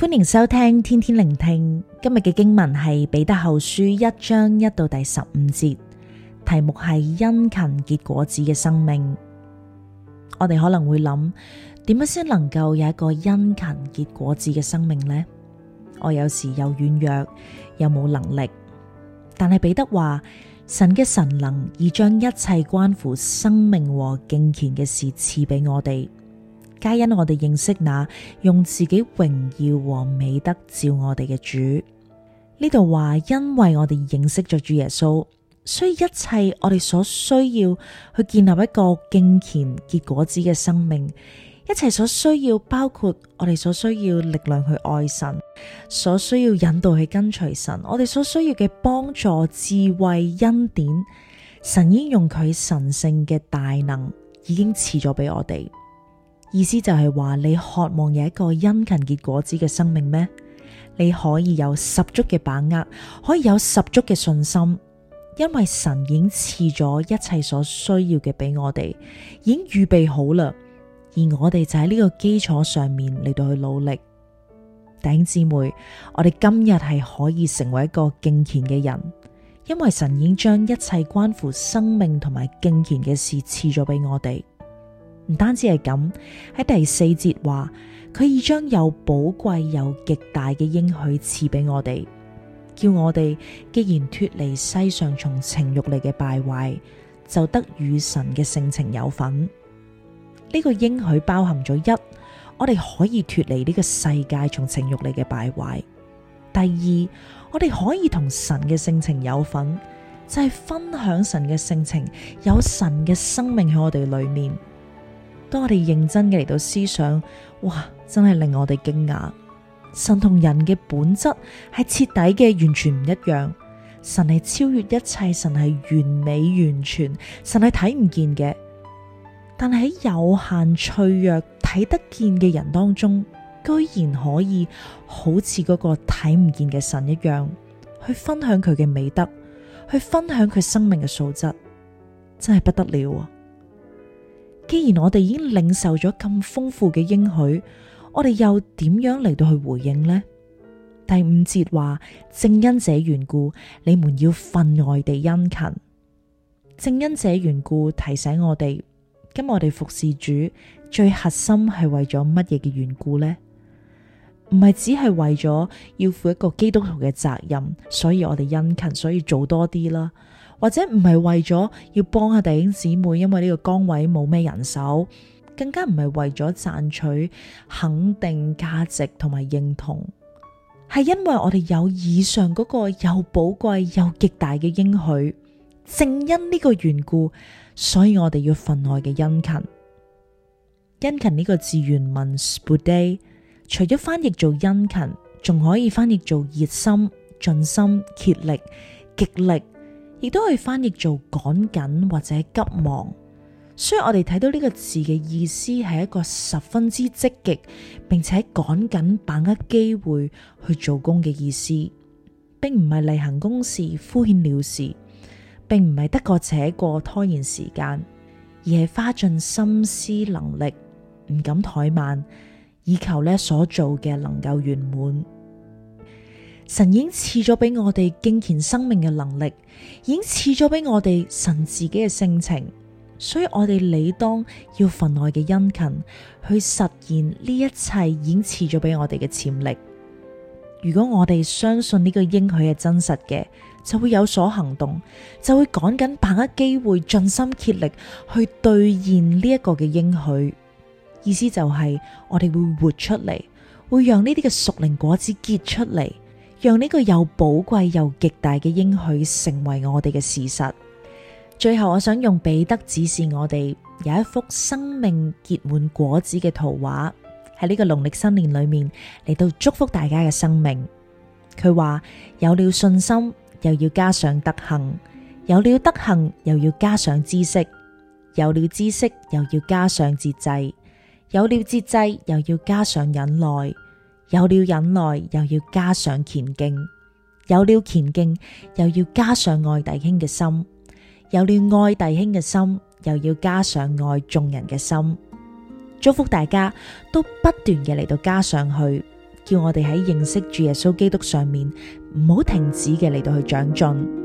歡迎收聽天天聆聽，今日嘅經文係彼得後書一章一到第十五節，題目係殷勤結果子嘅生命。我哋可能會諗，點樣先能夠有一個殷勤結果子嘅生命呢？我有時又軟弱，又冇能力，但係彼得話，神嘅神能已將一切關乎生命和敬虔嘅事賜俾我哋。皆因我哋認識那用自己榮耀和美德召我哋嘅主。呢度話，因為我哋認識咗主耶穌，所以一切我哋所需要去建立一個敬虔結果子嘅生命，一切所需要，包括我哋所需要力量去愛神，所需要引導去跟隨神，我哋所需要嘅幫助、智慧、恩典，神應用佢神聖嘅大能已經賜咗俾我哋。意思就係話，你渴望有一個殷勤結果子嘅生命咩？你可以有十足嘅把握，可以有十足嘅信心，因為神已經賜咗一切所需要嘅俾我哋，已經預備好啦。而我哋就喺呢個基礎上面嚟到去努力。弟兄姊妹，我哋今日係可以成為一個敬虔嘅人，因為神已經將一切關乎生命同埋敬虔嘅事賜咗俾我哋。唔單止係咁，喺第四節話，佢已將又寶貴又極大嘅應許賜俾我哋，叫我哋既然脫離世上從情慾嚟嘅敗壞，就得與神嘅性情有份。呢、這個應許包含咗一，我哋可以脫離呢個世界從情慾嚟嘅敗壞；第二，我哋可以同神嘅性情有份，就係、是、分享神嘅性情，有神嘅生命喺我哋裏面。當我哋認真嘅嚟到思想，哇，真係令我哋驚訝。神同人嘅本質係徹底嘅，完全唔一樣。神係超越一切，神係完美完全，神係睇唔見嘅。但係喺有限脆弱、睇得見嘅人當中，居然可以好似嗰個睇唔見嘅神一樣，去分享佢嘅美德，去分享佢生命嘅素質，真係不得了啊！既然我哋已經領受咗咁豐富嘅應許，我哋又點樣嚟到去回應呢？第五節話，正因這緣故，你們要分外地殷勤。正因這緣故，提醒我哋，今日我哋服侍主最核心係為咗乜嘢嘅緣故呢？唔係只係為咗要負一個基督徒嘅責任，所以我哋殷勤，所以做多啲啦。或者唔係為咗要幫下弟兄姊妹，因為呢個崗位冇咩人手，更加唔係為咗賺取肯定價值同埋認同，係因為我哋有以上嗰個又寶貴又極大嘅應許。正因呢個緣故，所以我哋要份外嘅殷勤。殷勤呢個字原文 spoude，除咗翻譯做殷勤，仲可以翻譯做熱心、盡心、竭力、極力。亦都可以翻譯做趕緊或者急忙，所以我哋睇到呢個字嘅意思係一個十分之積極，並且趕緊把握機會去做工嘅意思，並唔係例行公事、敷衍了事，並唔係得過且過拖延時間，而係花盡心思、能力唔敢怠慢，以求呢所做嘅能夠圓滿。神已經賜咗俾我哋敬虔生命嘅能力，已經賜咗俾我哋神自己嘅性情，所以我哋理當要份外嘅殷勤去實現呢一切已經賜咗俾我哋嘅潛力。如果我哋相信呢個應許係真實嘅，就會有所行動，就會趕緊把握機會，盡心竭力去兌現呢一個嘅應許。意思就係我哋會活出嚟，會讓呢啲嘅屬靈果子結出嚟。讓呢個又寶貴又極大嘅應許成為我哋嘅事實。最後，我想用彼得指示我哋有一幅生命結滿果子嘅圖畫。喺呢個農曆新年裏面嚟，到祝福大家嘅生命。佢話：有了信心，又要加上德行；有了德行，又要加上知識；有了知識，又要加上節制；有了節制，又要加上忍耐。有了忍耐，又要加上虔敬；有了虔敬，又要加上愛弟兄嘅心；有了愛弟兄嘅心，又要加上愛眾人嘅心。祝福大家都不斷嘅嚟到加上去，叫我哋喺認識主耶穌基督上面唔好停止嘅嚟到去長進。